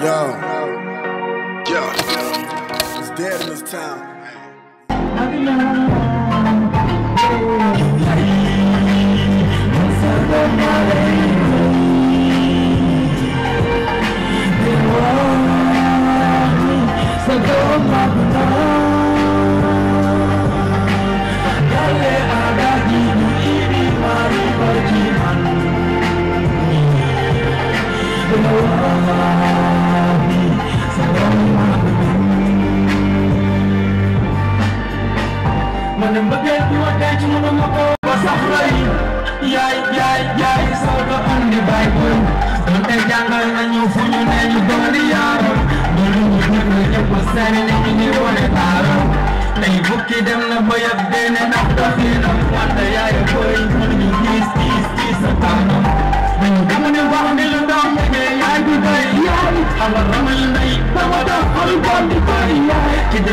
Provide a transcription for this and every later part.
Yo. Yo. It's dead in this town. Remember that you were dating on a அவர் ரமலனை நமதா அருள்பாண்டி பாடிய இது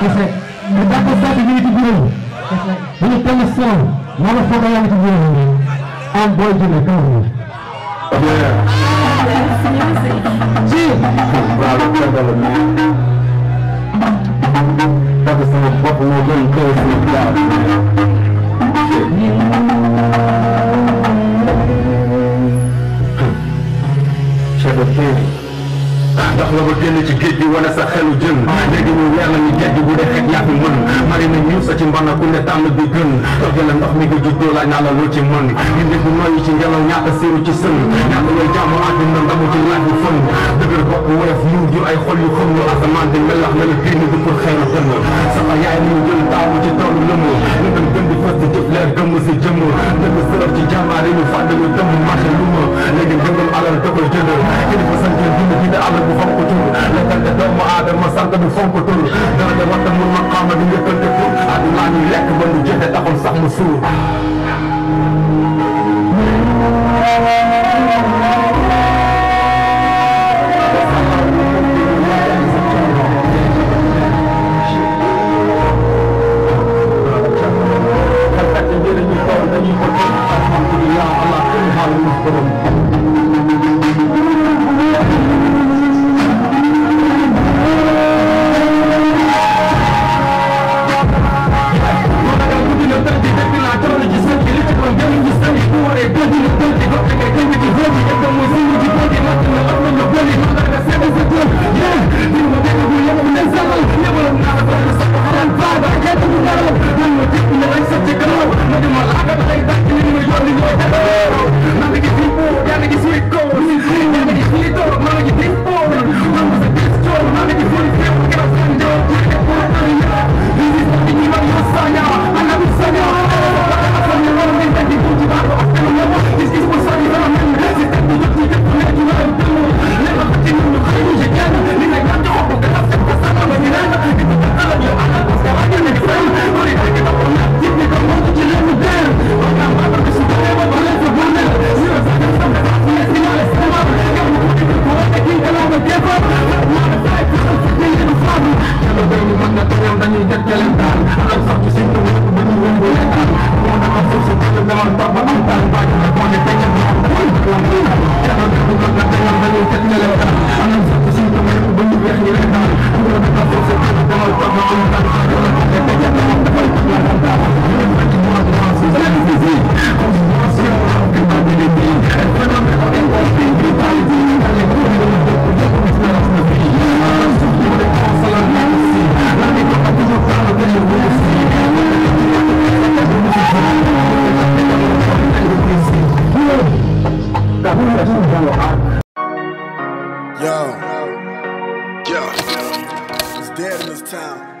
Yes, right. Without the stuff you need to do. That's right. When you tell a song, de I need to do it. I'm going to the cover. Yeah. That's music. Gee. That's the Buffalo Green Coast in the clouds. Shit. Trevor King. ndax la ba génn ci géej gi wane sa xelu jën léegi ñu leer la ñu géej gi bu dee xeet yaa fi mën mari na ñëw sa ci mbana ku ne tànn bi gën togge la ndox mi nga juddoo laaj naa la loo ci mën indi bu noyyi ci ngelaw ñaata siiru ci sën ñaata lay jàmm àddina ndamu ci laaj bu fën dëgër bopp woyof yiw ju ay xol yu xëm asamaan di melax mel génn du pour xeelu gën sama yaay ñu jël taamu ci toolu lëmu ñu dem gën di fas di jëf leer gëmm si jëmm dëgg sërëf ci jàmbaar yi ñu fàdd ñu dëmm marché lu ma léegi ngëngëm alal dëggal jënd kilifa sa dund ci da àll bu fonk tur lekkante doomu aadama sant bi fonk tur dara de ma xaama di njëkkante tur àdduna ñu lekk suur I'm town.